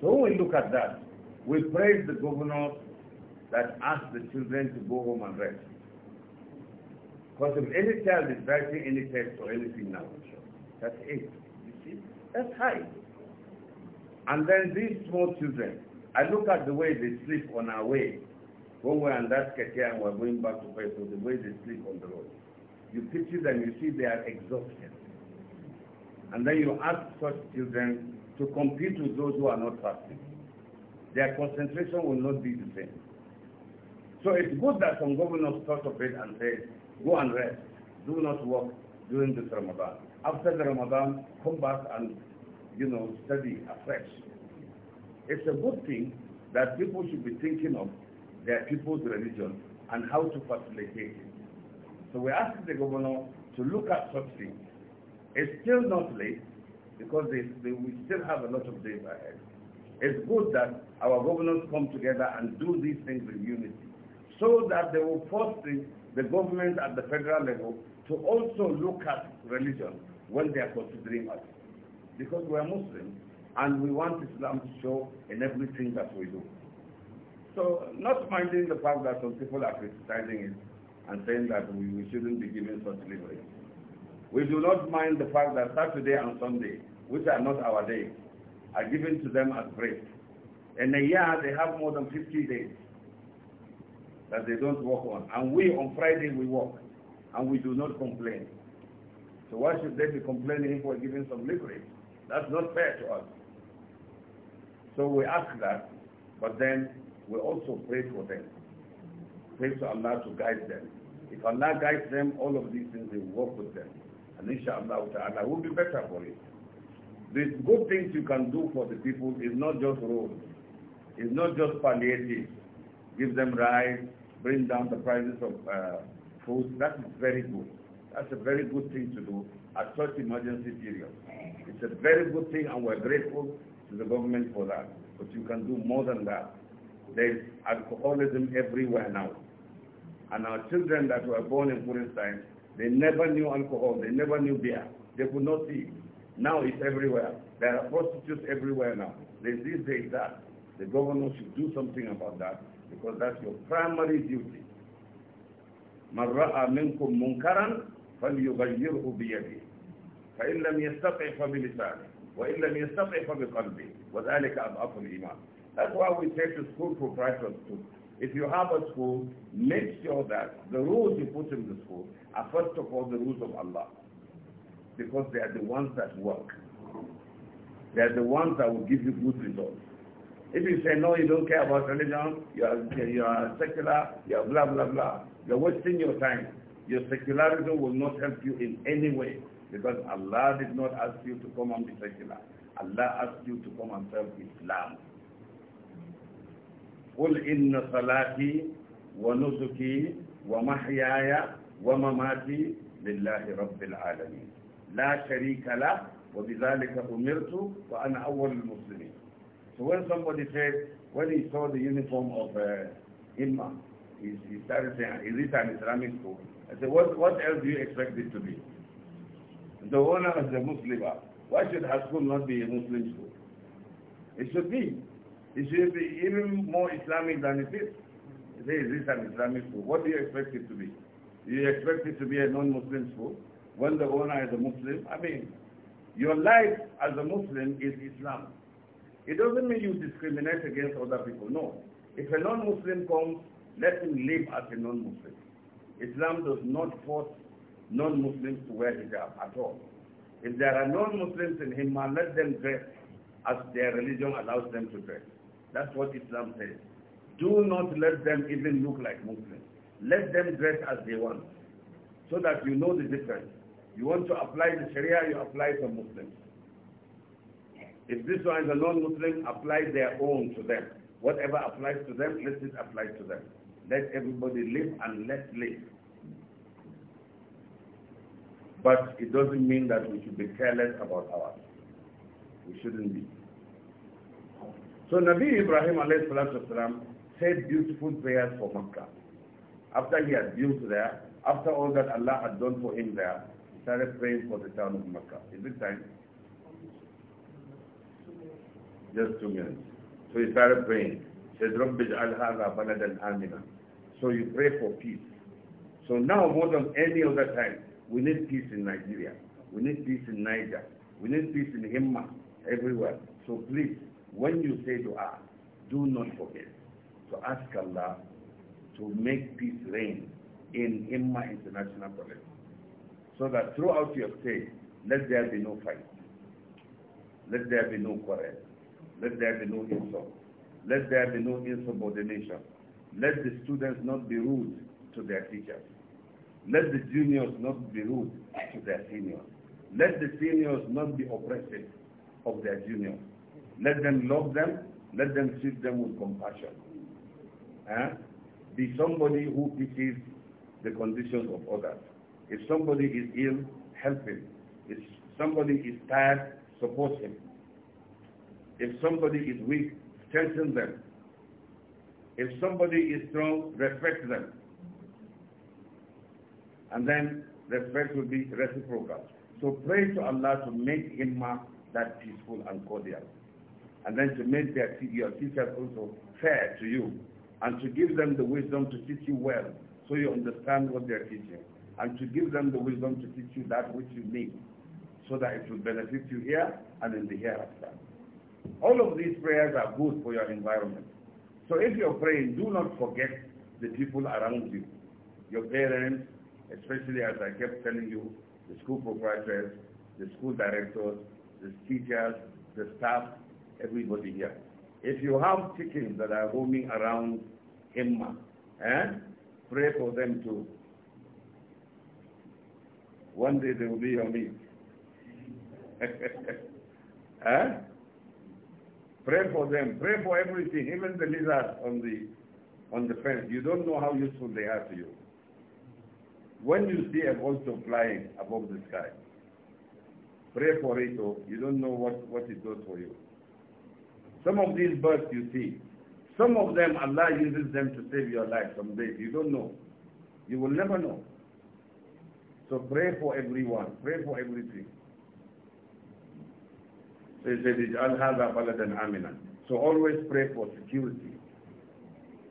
So when we look at that, we praise the governor that asked the children to go home and rest. Because if any child is writing any text or anything now, that's it. You see? That's high. And then these small children, I look at the way they sleep on our way. When we're on that Katia and we're going back to Faisal, the way they sleep on the road. You picture them, you see they are exhausted. And then you ask such children to compete with those who are not fasting. Their concentration will not be the same. So it's good that some governors thought of it and said, go and rest. Do not work during this Ramadan. After the Ramadan, come back and, you know, study afresh. It's a good thing that people should be thinking of their people's religion and how to facilitate it. So we asking the governor to look at such things. It's still not late because they, they, we still have a lot of days ahead. It's good that our governors come together and do these things in unity so that they will force the, the government at the federal level to also look at religion when they are considering us. Because we are Muslims, and we want Islam to show in everything that we do. So not minding the fact that some people are criticizing it and saying that we, we shouldn't be giving such leverage. We do not mind the fact that Saturday and Sunday, which are not our days, are given to them as break. In a year, they have more than 50 days that they don't work on. And we, on Friday, we work. And we do not complain. So why should they be complaining if we're giving some leverage? That's not fair to us. So we ask that, but then we also pray for them. Pray to Allah to guide them. If Allah guides them, all of these things will work with them. And inshallah ta'ala will be better for it. The good things you can do for the people is not just roads. It's not just palliative. Give them rice, bring down the prices of uh, food. That is very good. That's a very good thing to do at such emergency period. It's a very good thing and we're grateful to the government for that. But you can do more than that. There's alcoholism everywhere now. And our children that were born in Buddhist times, they never knew alcohol, they never knew beer. They could not see. Now it's everywhere. There are prostitutes everywhere now. There's this, there's that. The government should do something about that because that's your primary duty. منكرا فليغيره بيده فإن لم يستطع فبلسانه وإن لم يستطع فبقلبه وذلك أضعف الإيمان That's why we say to school proprietors too. If you have a school, make sure that the rules you put in the school are first of all the rules of Allah. Because they are the ones that work. They are the ones that will give you good results. If you say, no, you don't care about religion, you are, you are secular, you are blah, blah, blah, you're wasting your time. Your secularism will not help you in any way. Because Allah did not ask you to come and be secular. Allah asked you to come and serve Islam. قل إن صلاتي ونسكي ومحياي ومماتي لله رب العالمين لا شريك له وبذلك أمرت وأنا أول المسلمين So when somebody said, when he saw the uniform of uh, Imam, he, he started saying, is it an Islamic school? I said, what, what else do you expect it to be? The owner is a Muslim. Why should her school not be a Muslim school? It should be. It should be even more Islamic than it is. Say, is this an Islamic school? What do you expect it to be? Do you expect it to be a non-Muslim school? When the owner is a Muslim? I mean, your life as a Muslim is Islam. It doesn't mean you discriminate against other people. No. If a non-Muslim comes, let him live as a non-Muslim. Islam does not force non-Muslims to wear hijab at all. If there are non-Muslims in Himma, let them dress as their religion allows them to dress. That's what Islam says. Do not let them even look like Muslims. Let them dress as they want, so that you know the difference. You want to apply the Sharia, you apply to Muslims. If this one is a non-Muslim, apply their own to them. Whatever applies to them, let it apply to them. Let everybody live and let live. But it doesn't mean that we should be careless about ours. We shouldn't be. So Nabi Ibrahim والسلام, said beautiful prayers for Makkah. After he had built there, after all that Allah had done for him there, he started praying for the town of Makkah. Is it time? Just two minutes. So he started praying. He says, So you pray for peace. So now more than any other time, we need peace in Nigeria. We need peace in Niger. We need peace in Himma, everywhere. So please, when you say dua, do not forget to ask Allah to make peace reign in Himma International College. So that throughout your stay, let there be no fight. Let there be no quarrel. Let there be no insult. Let there be no insubordination. Let the students not be rude to their teachers. Let the juniors not be rude to their seniors. Let the seniors not be oppressive of their juniors. Let them love them. Let them treat them with compassion. Eh? Be somebody who pities the conditions of others. If somebody is ill, help him. If somebody is tired, support him. If somebody is weak, strengthen them. If somebody is strong, respect them. And then respect will be reciprocal. So pray to Allah to make i that peaceful and cordial. And then to make their, your teachers also fair to you. And to give them the wisdom to teach you well so you understand what they're teaching. And to give them the wisdom to teach you that which you need so that it will benefit you here and in the hereafter. All of these prayers are good for your environment. So if you're praying, do not forget the people around you, your parents, especially as I kept telling you, the school proprietors, the school directors, the teachers, the staff, everybody here. If you have chickens that are roaming around Himma, eh, pray for them too. One day they will be your meat. eh? Pray for them. Pray for everything, even the lizards on the on the fence. You don't know how useful they are to you. When you see a bird flying above the sky, pray for it or oh. you don't know what, what it does for you. Some of these birds you see, some of them Allah uses them to save your life someday. You don't know. You will never know. So pray for everyone. Pray for everything. So he said, So always pray for security.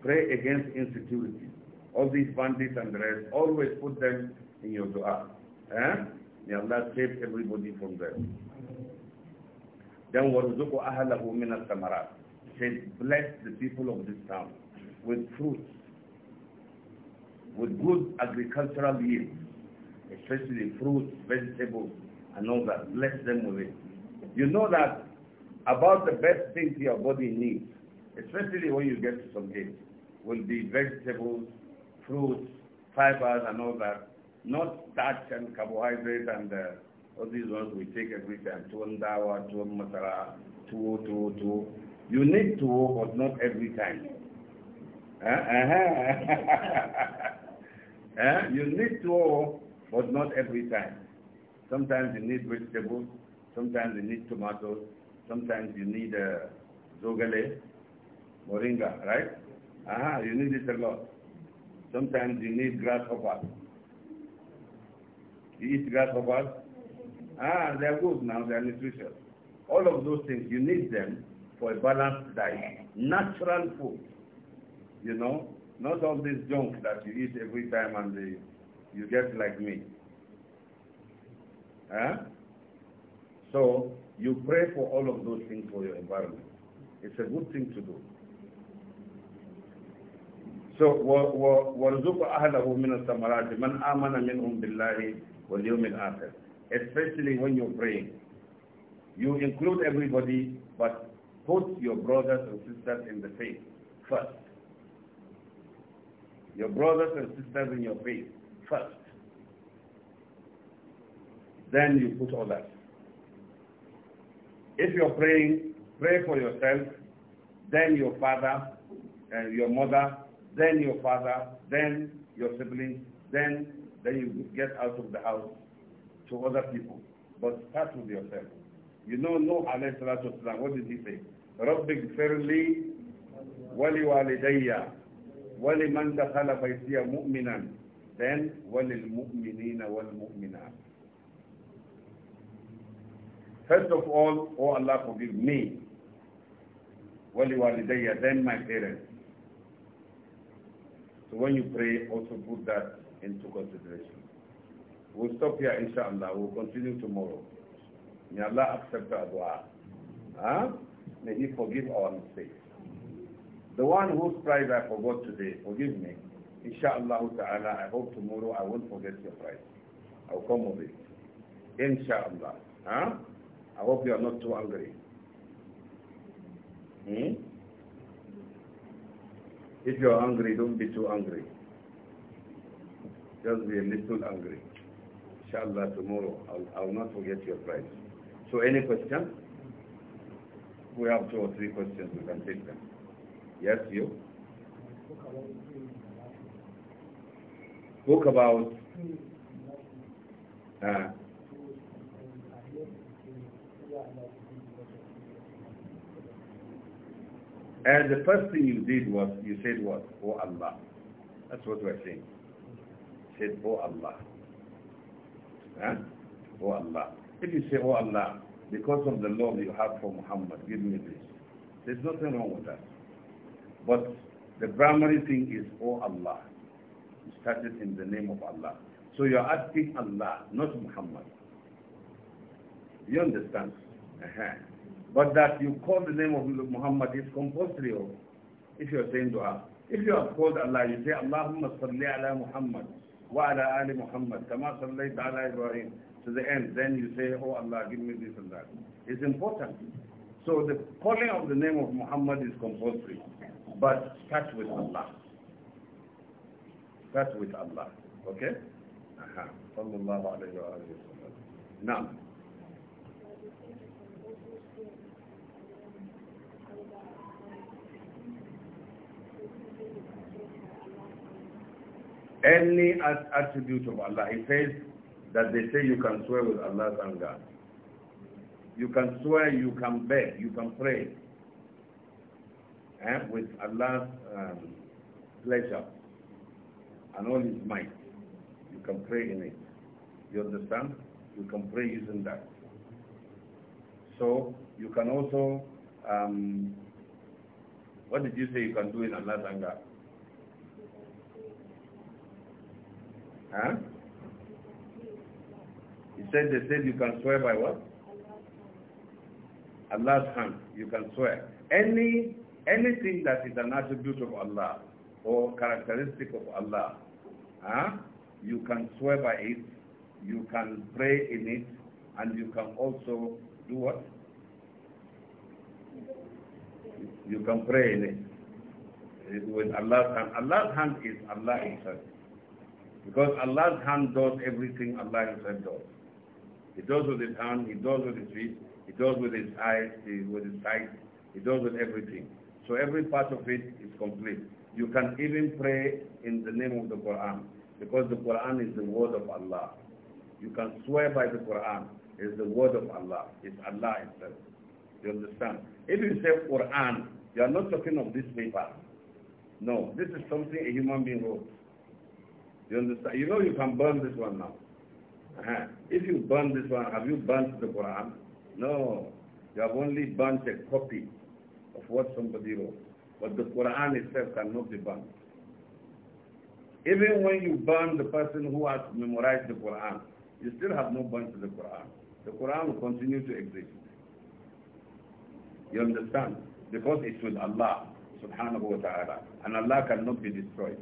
Pray against insecurity all these bandits and the rest, always put them in your dua. Eh? May Allah save everybody from them. Then وَرُزُقُ أَهَلَهُ مِنَ الثَّمَرَاتِ says, bless the people of this town with fruits, with good agricultural yields, especially fruits, vegetables, and all that. Bless them with it. You know that about the best things your body needs, especially when you get to some age, will be vegetables, fruits, fibers and all that, not starch and carbohydrates and uh, all these ones we take every time, tuwon dawa, tuwon You need to, but not every time. Uh, -huh. uh, you need to, but not every time. Sometimes you need vegetables, sometimes you need tomatoes, sometimes you need uh, zogale, moringa, right? Uh -huh, you need it a lot. Sometimes you need grasshoppers. You eat grasshoppers? Ah, they're good now, they're nutritious. All of those things, you need them for a balanced diet. Natural food, you know? Not all this junk that you eat every time and the, you get like me. Huh? So, you pray for all of those things for your environment. It's a good thing to do. So ahlahu min مِنَ الثَّمَرَاتِ مَنْ آمَنَ مِنْهُمْ بِاللَّهِ وَالْيَوْمِ الْآخِرِ Especially when you're praying. You include everybody, but put your brothers and sisters in the faith first. Your brothers and sisters in your faith first. Then you put all that. If you're praying, pray for yourself, then your father, and your mother, then your father, then your siblings, then then you get out of the house to other people. But start with yourself. You know, no alayhi What did he say? Then First of all, O oh Allah forgive me. وَلِوَالِدَيَّ Then my parents. So when you pray, also put that into consideration. We'll stop here, inshallah. We'll continue tomorrow. May Allah accept our dua. Huh? May He forgive our mistakes. The one whose prize I forgot today, forgive me. Inshallah ta'ala, I hope tomorrow I won't forget your prize. I'll come with it. Inshallah. Huh? I hope you are not too angry. Hmm? If you are angry, don't be too angry. Just be a little angry. Inshallah, tomorrow I'll, I'll not forget your price. So any question? We have two or three questions. We can take them. Yes, you? Book about... Uh, And the first thing you did was, you said what? Oh Allah. That's what we're saying. You said, Oh Allah. Huh? Oh Allah. If you say, Oh Allah, because of the love you have for Muhammad, give me this. There's nothing wrong with that. But the primary thing is, Oh Allah. You started in the name of Allah. So you're asking Allah, not Muhammad. You understand? Uh -huh. But that you call the name of Muhammad is compulsory if you are saying dua. If you have called Allah, you say, Allahumma salli ala Muhammad wa ala ali Muhammad, kama salli ala Ibrahim, to the end. Then you say, oh Allah, give me this and that. It's important. So the calling of the name of Muhammad is compulsory. But start with Allah. Start with Allah. Okay? Aha. Uh-huh. Sallallahu alayhi wa sallam. Now. any attribute of Allah. He says that they say you can swear with Allah's anger. You can swear, you can beg, you can pray eh, with Allah's um, pleasure and all his might. You can pray in it. You understand? You can pray using that. So you can also, um, what did you say you can do in Allah's anger? Huh? He said they said you can swear by what? Allah's hand. You can swear. Any anything that is an attribute of Allah or characteristic of Allah, huh? you can swear by it, you can pray in it, and you can also do what? You can pray in it. With Allah's hand. Allah's hand is Allah himself. Because Allah's hand does everything Allah himself does. He does with his hand, he does with his feet, he does with his eyes, he, with his sight, he does with everything. So every part of it is complete. You can even pray in the name of the Quran because the Quran is the word of Allah. You can swear by the Quran. It's the word of Allah. It's Allah Himself. You understand? If you say Quran, you are not talking of this paper. No, this is something a human being wrote. You understand? You know you can burn this one now. Uh -huh. If you burn this one, have you burnt the Quran? No. You have only burnt a copy of what somebody wrote. But the Quran itself cannot be burnt. Even when you burn the person who has memorized the Quran, you still have no burnt the Quran. The Quran will continue to exist. You understand? Because it's with Allah subhanahu wa ta'ala. And Allah cannot be destroyed.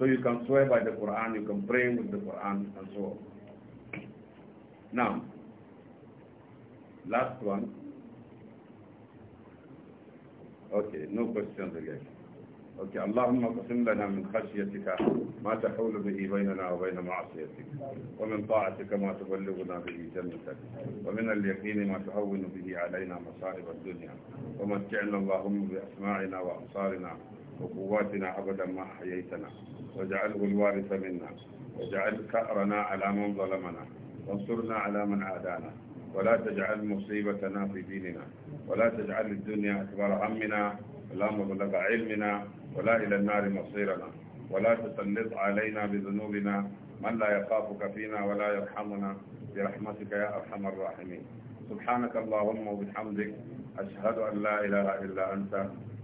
So you can swear by the Quran, you can pray with the Quran, and so on. Now, last one. Okay, no questions again. Okay, اللهم اقسم لنا من خشيتك ما تحول به بيننا وبين معصيتك ومن طاعتك ما تبلغنا به جنتك ومن اليقين ما تهون به علينا مصائب الدنيا ومتعنا اللهم بأسماعنا وأبصارنا وقواتنا أبدا ما أحييتنا واجعله الوارث منا واجعل كأرنا على من ظلمنا وانصرنا على من عادانا ولا تجعل مصيبتنا في ديننا ولا تجعل الدنيا أكبر همنا ولا مبلغ علمنا ولا إلى النار مصيرنا ولا تسلط علينا بذنوبنا من لا يخافك فينا ولا يرحمنا برحمتك يا أرحم الراحمين سبحانك اللهم وبحمدك أشهد أن لا إله إلا أنت